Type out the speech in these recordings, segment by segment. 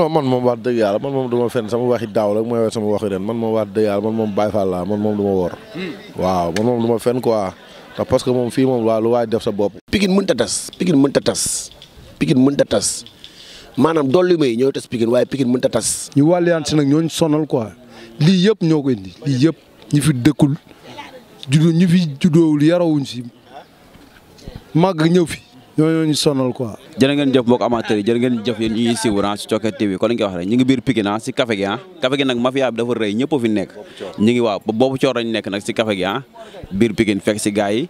non man moom wax dëgg yàlla man moom du ma fenn sama waxi daaw la mooy sama waxi ren man moom wax dëgg yàlla man moom Baye Fall laa man moom du ma hmm. waaw man moom du ma fenn quoi te parce que moom fii moom waa lu waay def sa bopp. Pikine mënut a tas Pikine mënut a tas Pikine mënut a tas maanaam dolli may ñooy tas Pikine waaye Pikine mënut a tas. ñu wàlliyaan si nag ñooñu sonal quoi lii yëpp ñoo ko indi lii yëpp ñu fi dëkkul juddoo ñi fi juddoowul yarawuñ si màgg ñëw fi. ñooñoo ñu sonal quoi. jërë ngeen jëf mbokk amateur yi jërë ngeen jëf yéen ñuy siiw si Thioker TV kon nga wax rek ñu ngi biir Pikine si ah, café gi ah café gi nag mafia bi dafa rëy ñëpp fi nekk ñu ngi boobu coor lañ nag si café gi ah. biir Pikine fekk si gars yi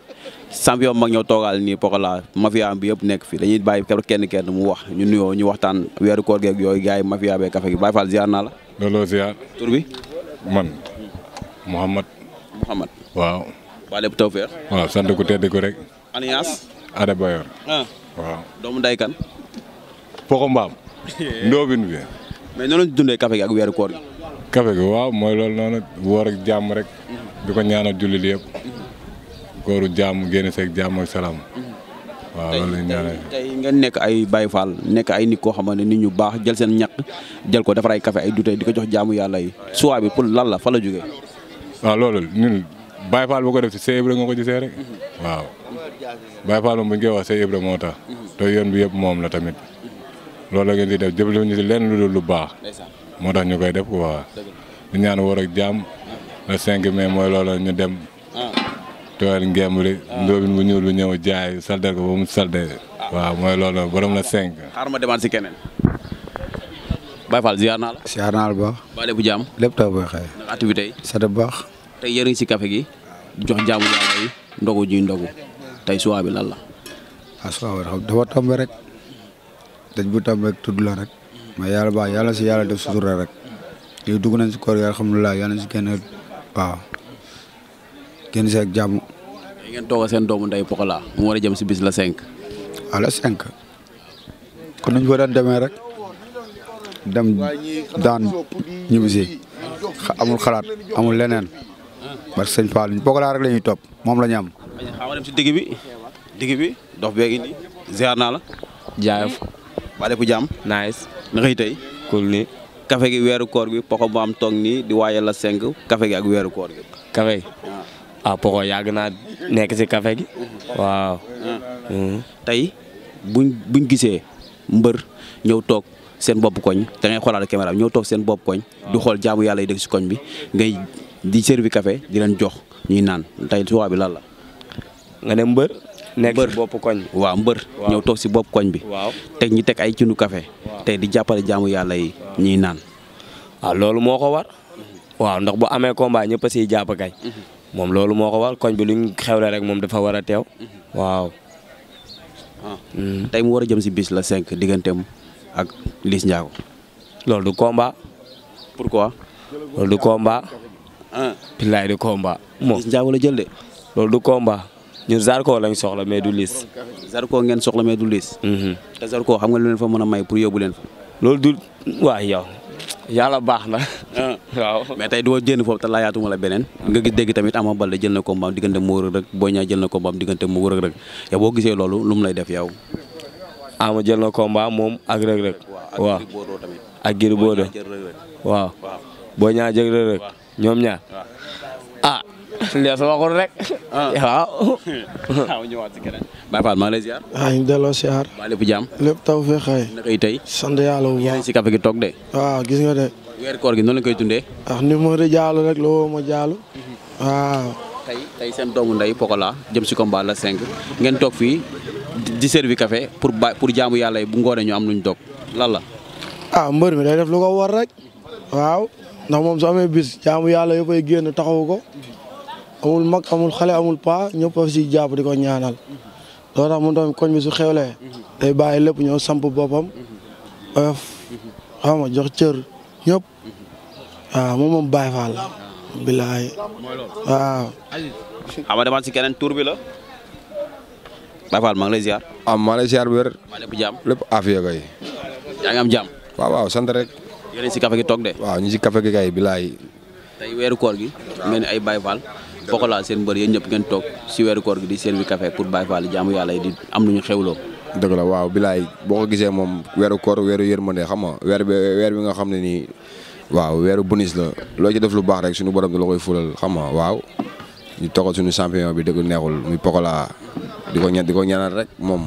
champion mag ñoo toogal nii Pokola mafia bi yëpp nekk fi dañuy bàyyi kenn kenn mu wax ñu nuyoo ñu waxtaan weer koor geeg yooyu gars yi mafia bee café gi Baye Fall ziar naa la. looloo ziar. tur bi. man Mouhamad. Mouhamad. waaw. waa lépp tawfeex. waaw sant ku tedd ko rek. Ada Bayor. ah waaw. doomu nday kan. Poko Mbaam. Ndobin bi. mais noonu lañ dundee café gi ak weeru koor gi. café gi waaw mooy loolu noonu woor ak jàmm rek. Mhm. di ko ñaanal jullit yëpp. Mhm. kooru jàmm génn seeg jàmm ak salaam. Mhm. waaw loolu tey nga nekk ay Baye Fall nekk ay nit koo xam ne nit ñu baax jël seen ñaq jël ko defar ay café ay dute di ko jox jaamu yàlla yi suwaa bi la la jógee. waaw loolu ñun Baye Fall bu ko def si seeb nga ko gisee rek waaw. Baye Fall moom bu ñu koy wax say Ibra moo tax te yoon bi yëpp moom la tamit loolu la ngeen di def jëblu ñu si lenn lu dul lu baax moo tax ñu koy def quoi di ñaan war ak jàmm le 5 mai mooy loolu ñu dem ah. tooyal ngemb li ah. ndóobin bu ñuul bi ñëw jaay saldal ko ba mu salde ah. waaw mooy loolu borom la 5 xaar ma demaat si keneen Baye Fall ziar naa la. ziar naa la bu baax. ba lépp jàmm. lépp taw booy xëy. ndax activité yi. sa bu baax. tey yëriñ si café gi. jox jaamu yàlla yi ndogu ji ndogu. tay suwabi lan la asawar xam dafa tombé rek dañ bu tombé rek tuddu la rek ma yalla ba yalla si yalla def sutura rek yu dugg nañ ci koor yi alhamdulilah yalla ci kenn ba kenn ci ak jamm ngeen toga sen doomu nday pokola mu wara jëm ci bis la 5 ala 5 kon nañ wara daan rek dem daan bisé amul xalaat amul leneen bar señ sëñ ñu pokola rek lañuy top mom lañu am xaw a dem si digg bi digg bi dox bee ngi nice. na xëy cool nii. kafe gi weeru koor gi poko bu am toog nii di waayal la cinq kafe gi ak weeru koor gi. kafe ah, ah poko yàgg naa nekk si kafe gi. waaw. Ah. Mhm. tey buñ buñ gisee mbër ñëw toog seen bopp koñ da ngay xoolaale caméra ñëw toog seen bopp koñ. du ah. xool jaamu yàlla yi dëkk si koñ bi ngay di servi café di leen jox ñuy naan tey suwaa bi lan la. nga ne mbër. nekk bopp koñ bi waaw mbër. ñëw toog si bopp koñ bi. waaw teg ñi teg ay cinu kafe tey di jàppale jaamu yàlla yi ñuy naan. waaw loolu moo ko war. waaw ndax bu amee combat ñëpp a jàpp kay. Mhm. moom loolu moo ko war koñ bi luñ xewle rek moom dafa war a teew. Mhm. waaw. Ah. Mhm. tey war a jëm si bis la cinq digganteem ak Liss Ndiago. loolu du combat. pourquoi. loolu du combat. Ah. la jël de. loolu du komba ñun Zarko lañ soxla mais du liis. Zarko ngeen soxla mais du hmm te Zarko xam nga lu leen fa mëna may pour yóbbu leen fa. loolu du waaw yow yalla baax na. Ah. waaw mais tay do jenn fop te laajaatuma la benen nga gis deg tamit Ama Baldé jël na ko mbam digënde mo rek boña jël na ko mbam diggante mo rek rek ya bo gisee loolu lum lay def yow. Ama jël na ko mbam mom ak rek rek waaw ak Gris Bordeaux tamit. ak Gris Bordeaux waaw. boña jël rek rek ñom ñaar ah. Lees waxul rek. Ah. waaw. waaw ñëwaat si keneen. Baye Fall maa ngi lay ziar. waaw ñu delloo ziar. waa lépp jàmm. lépp taw fee xëy. naka tey. sant yàlla bu si café gi toog de. waaw gis nga de. weer gi noonu la koy dundee. ah ni ma di jaalu rek loo ma mhm. jaalu. waaw. tey tey seen doomu ndey Pokola jëm si combat la 5 ngeen toog fii di servi café pour ba pour jaamu yàlla yi bu ngoonee ñu am luñ toog lan la. ah mbër mi day def lu ko war rek. waaw ndax moom su amee bis jaamu yàlla yëppay génn taxawu ko. Mhm. amul mag amul xale amul paa ñëpp a si jàpp di ko ñaanal loolu tax mu doon koñ bi su xewlee day bàyyi lépp ñëw samp boppam oyof xam nga jox cër ñëpp waaw moom moom Baye Fall bilaay waaw ama demaat si keneen turbi la Baye Fall maa ngi lay ziar am ah, maa lay ziar bu wér lépp jàmm lépp afiya kay yaa ngi am jàmm waaw waaw sant rek yéen si café gi toog de waaw ñu si café gi kay bilaay tey weeru koor gi mel ni ay Baye Fall foqalaal seen mbër yéen ñëpp ngeen toog si weeru koor gi di servir café pour Baye Fall jaamu yàlla yi di am lu ñu loo dëgg la waaw bilaay boo ko gisee moom weeru koor weeru yërmande xam nga weer bi weer bi nga xam ne nii waaw weeru bonus la loo ci def lu baax rek suñu borom da koy fulal xam nga waaw ñu toogal suñu champion bi dëgg neexul muy pokola di ko ñaan ko ñaanal rek moom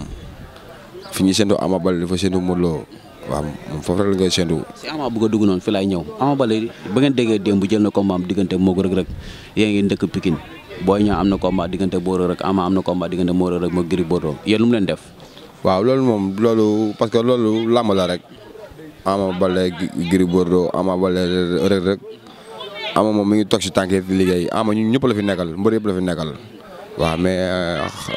fi ñuy séntu Ama Baldé dafa séntu Modou Lo waaw moom foofu rek la ngay séntu. si Ama bëgg a dugg noonu fi ñëw Ama Baldé ba ngeen déggee démb jël na combat am diggante moo Reug Reug yéen ngi dëkk Pikine Boy Niang am na combat boo Reug am na combat diggante moo Reug Reug moo Gris Bordeaux yéen lu mu leen def. waaw loolu moom loolu parce que loolu làmb la rek Ama Baldé Gris Bordeaux Ama Baldé Reug Reug Ama moom mi ngi toog si tànk yi liggéey Ama ñu ñëpp la fi nekkal mbër yëpp la fi nekkal. waaw mais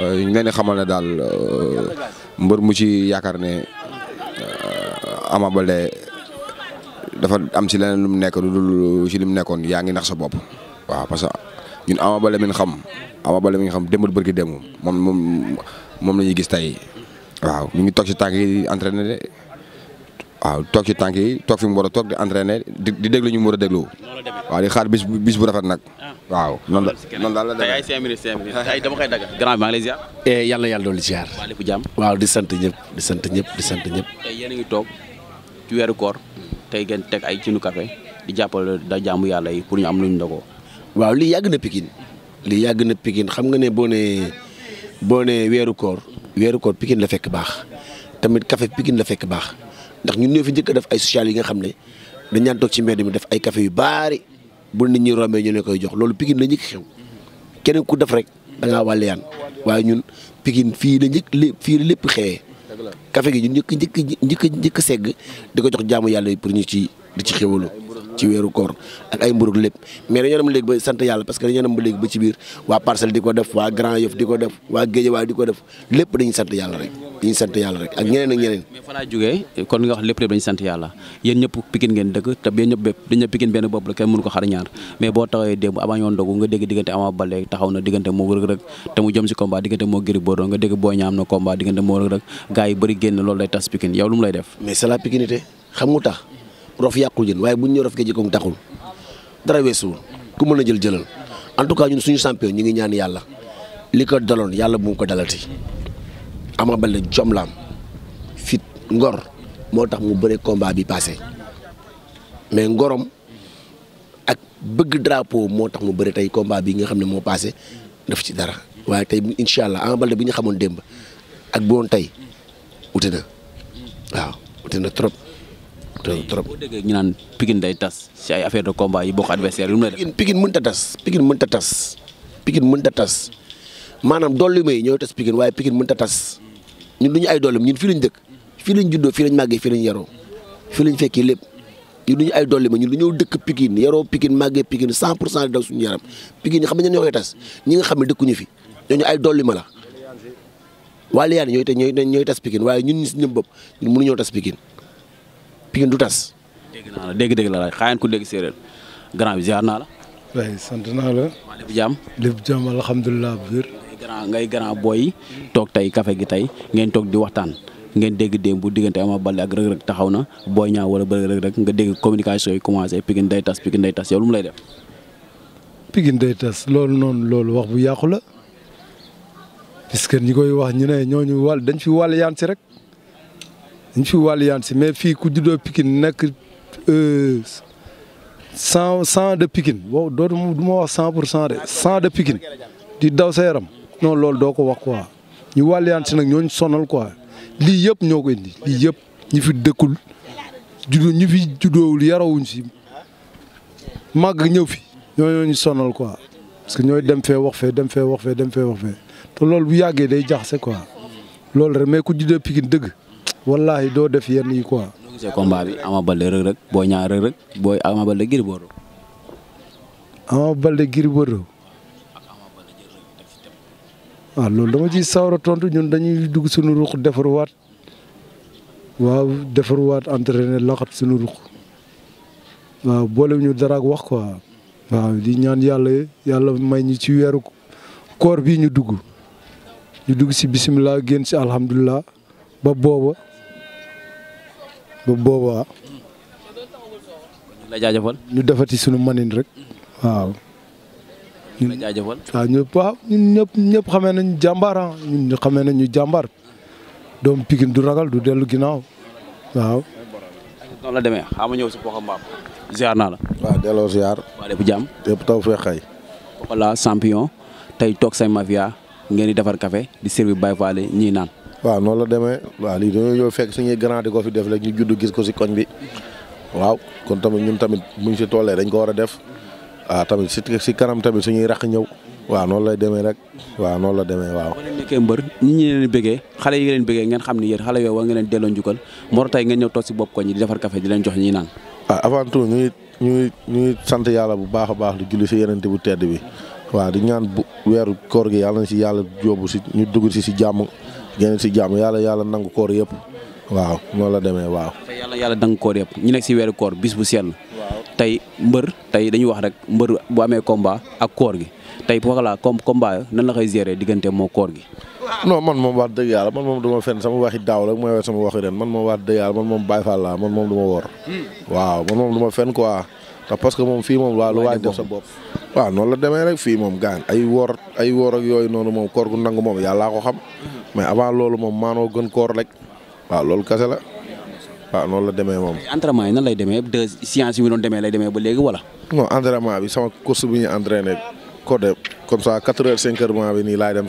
euh, ñu leen di xamal ne daal euh, mbër mu ci yaakaar ne. Ama Baldé dafa am si leneen lu mu nekk lu dul si li mu nekkoon yaa ngi nax sa bopp waaw parce que ñun Ama Baldé mi nga xam Ama Baldé mi nga xam démbul bërki démb moom moom moom la ñuy gis tey waaw ñu ngi toog si tànk yi di entraîné de waaw toog ci tànk yi toog fi mu war a toog di entraîné di déglu ñu mu war a déglu waaw di xaar bis bu rafet nag waaw noonu la noonu daal la tey ay cinq minutes cinq eh, yàlla yàlla doon ziar waaw di sant ñëpp di sant ñëpp ci weeru koor tey ngeen teg ay cinu café di jàppale da jaamu yàlla yi pour ñu am lu ñu ndogoo waaw lii yàgg na Pikine li yàgg na Pikine xam nga ne boo ne boo ne weeru koor weeru koor Pikine la fekk baax tamit café Pikine la fekk baax ndax ñun ñoo fi njëkk a def ay social yi nga xam ne dañ ñaan ci mbedd mi def ay café yu baari bu nit ñuy rombee ñu ne koy jox loolu Pikine la njëkk xew keneen ku def rek da ngaa waaye ñun Pikine fii la lépp xewee café gi ñu njëkk njëkk njëkk njëkk segg di ko jox jaamu yàlla yi pour ñu ci di ci xéwalu ci weeru koor ak ay mburug lépp mais dañoo dem léegi ba sant yàlla parce que dañoo dem ba léegi ba ci biir waa parcelle di ko def waa Grand Yoff di ko def waa waa di ko def lépp dañuy sant yàlla rek dañuy sant yàlla rek ak ñeneen ak ñeneen. mais fa laa jógee kon nga wax lépp lépp dañuy sant yàlla yéen ñëpp Pikine ngeen dëkk te yéen ñëpp benn bopp la kenn mënu ko xar mais boo taxawee démb avant ñoon nga dégg diggante Ama Baldé taxaw na diggante moo Reug Reug te mu jëm si diggante moo Gris Bordeaux nga dégg Boy na combat diggante moo Reug Reug gars yi génn loolu lay tas Pikine yow lu mu lay def mais c'est la xam nga tax rof yàqul jën a jël jëlal ko Ama bal jom fit ngor motax mu beure combat bi passé mais ngorom ak bëgg drapeau motax mu beure tay combat bi nga xamné mo passé daf ci dara waye tay inshallah Ama Baldé bi ñu xamone demb ak bu won tay outé na waaw outé na trop trop ñu nan pigine day tass ci ay affaire de combat yi bokk adversaire lu meun pigine ta tass pigine mën ta tass pigine mën ta tass manam dolli may ñoy tass pigine waye pigine mën ta tass ñun duñu ay dooleem ñun fii ñu dëkk fii lañ juddoo fii lañ màggee fii lañ yaroo fii lañ fekkee lépp ñun duñu ay dooleem ñun dañoo dëkk Pikine yaroo Pikine màggee Pikine cent pour cent daw suñu yaram Pikine yi xam nga ñoo koy tas ñi nga xam ne dëkkuñu fi ñooñu ay la waa Liane ñooy te ñooy ñooy tas Pikine waaye ñun ñu si ñëm bopp ñun mënuñoo tas Pikine Pikine du tas. dégg naa la dégg la laaj xaaral ko dégg séeréer grand bi ziar naa la. waaye sant naa la. waaw lépp jàmm. grand ngay grand boy tok tay café gi tay ngeen tok di waxtan ngeen deg dem bu diggante Ama balle ak Reug Reug taxawna Boy nya wala Reug Reug rek nga deg communication yi commencé Pikine day tas Pikine day tas yow lum lay def Pikine day tas loolu non loolu wax bu yaqku la puisque que ñi koy wax ñu ne ñooñu wàll dañ fi wal yaan si rek dañ fi wal yaan si mais fi ku juddoo nek euh cent cent de Pikine wow dootu du ma wax 100% de cent de Pikine di daw sa yaram non loolu doo ko wax quoi ñu wàlliyaan si nag ñooñu sonal quoi lii yëpp ñoo ko indi lii yëpp ñi fi dëkkul judd ñi fi juddoowul yarawuñ si màgg ñëw fi ñooñu sonal quoi parce que ñooy dem fee wax fee dem fee wax fee dem fee wax fee te loolu bu yàggee day jaxase quoi loolu rek mais ku juddee Pikine dëgg wallahi doo def yenn yi quoi. ñoo gisee combat bi Ama Baldé Reug Reug Boy Niang Reug Reug Boy Ama Baldé Gris Bordeaux. Ama waaw ah, loolu dama ci sawra tontu ñun dañuy dugg suñu ruq defaruwaat waaw defaruwaat entraîner laxat suñu ruq waaw dara wax quoi waaw di ñaan yàlla yàlla may ñu ci weeru koor bii ñu dugg ñu dugg si bisimilah génn si alhamdulilah ba booba ba booba la jaajëfal ñu defati suñu manin rek waaw ñu ngi lay jaajëfal waaw ñëpp ñëpp xamee nañu jàmbaar ñu ah. ñun xamee nañu jàmbaar doomu Pikine du ragal du dellu ginnaaw waaw. noonu la demee xam ñëw si Poko Mbaam ziar naa la. waaw delloo ziar. waa lépp jàmm lépp taw feex xay. Poko la champion tey toog say mafia ngeen di defar kafe di servir Baye Fall ñii naan. waaw noonu la demee waaw lii dañoo ñëw fekk suñuy grand di ko fi def rek ñu judd gis ko si koñ bi waaw kon tamit ñun tamit buñ si tollee dañ ko war a def. Ah tamit si ci karam tamit suñuy rax ñew wa non lay démé rek wa non la démé wa boo leen mbeur mbër ñi leen bëggee xalé yi leen bëggee ngeen xamni ni xalé xale yooyu war leen delloo ngeen ñew tok si bop koñ di défar café di leen jox ñi naan. ah avant tout ñuy ñuy ñuy sante yalla bu baaxa baax lu julli ci yeneen bu tedd bi wa di ñaan bu koor gi yalla ci si jobu ci ñu dugg si ci jamm ngeen si jamm yalla yalla nang koor yépp waaw non la démé waaw. yalla yalla dang koor yépp ñi nek si weeru koor bis bu sel tey mbër tey dañuy wax rek mbër bu amee combat ak koor gi tey voilà comme combat nan la koy gérer diggante moo koor gi. non man moom wax dëgg yàlla man moom duma fen sama waxi daaw rek mooy wax sama waxi ren man moom wax dëgg yàlla man moom Baye Fall laa man moom duma wor hmm. waaw man fen quoi ndax parce que moom fii moom waa lu sa bopp waaw noonu la demee rek fii moom gaan ay woor ay woor yooyu noonu moom koor gu nangu moom yàllaa ko xam hmm. mais avant loolu moom maanoo gën koor rek waaw loolu kese la waaw ah, la demee moom. entraînement yi nan lay demee de science yi mu demee lay demee ba léegi wala. non entraînement bi sama course bi ñu entraîné ko de comme ça quatre heures cinq heures bi nii laay dem.